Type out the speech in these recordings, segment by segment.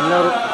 എല്ലാവരും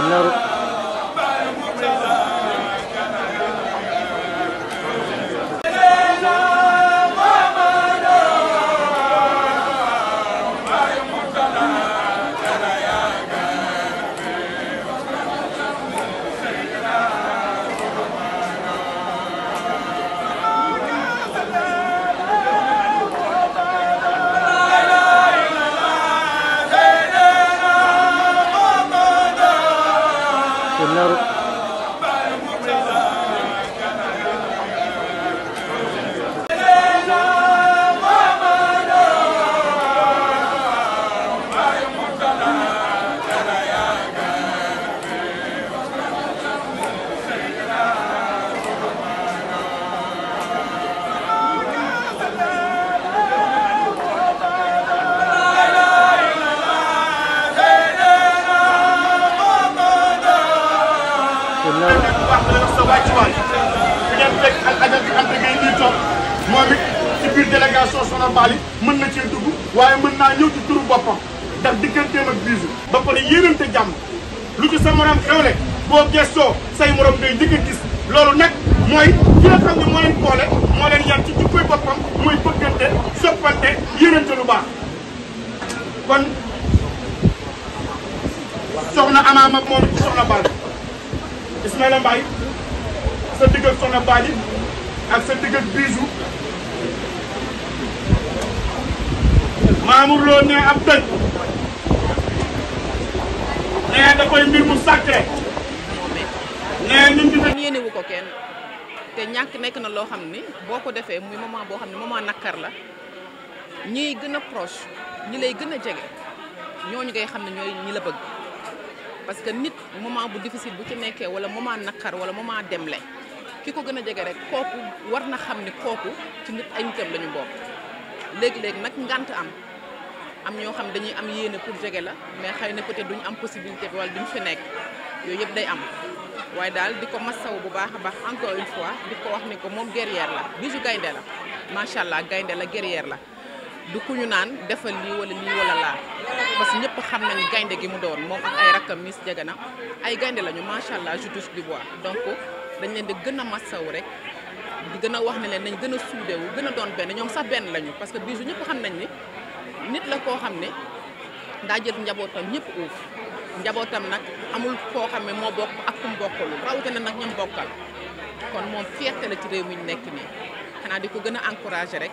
చెన్నారు Bunlar wax la sa wàccuwaay fi moom it ci biir délégation Soxna Mbaali mën na cee dugg waaye mën naa ñëw ci turu boppam ndax digganteem ak biisu ba pare yéenante jàmm lu ci sa morom xewle boo gestoo say morom ngay njëkk gis loolu nag mooy ki nga xam ne moo leen boole moo leen yar ci jikkoy boppam mooy bëggante soppante yéenante lu baax kon soxna amaama moom ci soxna Mbaali Ismaïla Mbaye sa digg ak Soxna Baaji ak sa digg ak Bijou Mamour Lo ab dëj ne da koy mbir mu sàkkee ne ñun di dañ yéenewu ko kenn te ñàkk nekk na loo xam ni boo ko defee muy moment boo xam ne moment nakkar la ñiy gën a proche ñi lay gën a jege ñu ngay xam ne ñooy ñi la bëgg parce que nit moment bu difficile bu ci nekkee wala moment naqar wala moment demle ki ko gën a jege rek kooku war na xam ni kooku ci nit ay nitam la ñu bokk léegi-léegi nag ngant am am ñoo xam dañuy am yéene pour jege la mais xëy na peut-être duñ am possibilité bi wala duñ fi nekk yooyu yëpp day am waaye daal di ko masaw bu baax a baax encore une fois di ko wax ni ko moom guerrière la Bijou gaynde la macha allah gaynde la guerrière la du ku ñu naan defal lii wala lii wala laa parce que ñëpp xam nañu gaynde gi mu doon moom ak ay rakkam Miss na ay gaynde lañu macha allah je bi du bois donc dañ leen di gën a massaw rek di gën a wax ne leen nañ gën a suudewu gën a doon benn ñoom sax benn lañu parce que Bijou ñëpp xam nañ ni nit la koo xam ne daa jël njabootam ñëpp uuf njabootam nag amul koo xam ne moo bokk ak kum bokkul rawatina nag ñoom bokkal kon moom fierté ci réew mi ñu nekk nii xanaa di ko gën a encouragé rek.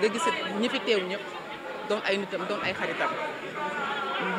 nga gis ñi fi teew ñëpp doon ay nitam doon ay xaritam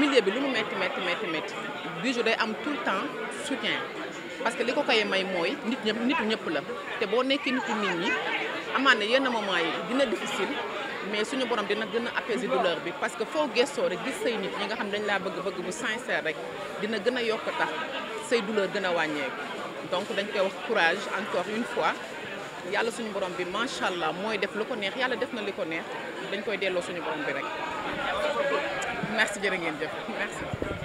milieu bi lu mu métti métti métti métti Bijou day am tout le temps soutien parce que li ko koy may mooy nit ñëpp nit ñëpp la te boo nekkee nitu nit ñi amaan na yenn moment dina difficile mais suñu borom dina gën a apaiser douleur bi parce que foo gestoo rek gis say nit ñi nga xam dañ laa bëgg bëgg bu sincère rek dina gën a yokk tax say douleur gën a wàññeeku donc dañ koy wax courage encore une fois yàlla suñu borom bi macha allah mooy def lu ko neex yàlla def na li ko neex dañ koy delloo suñu borom bi rek merci jërë ngeen jëf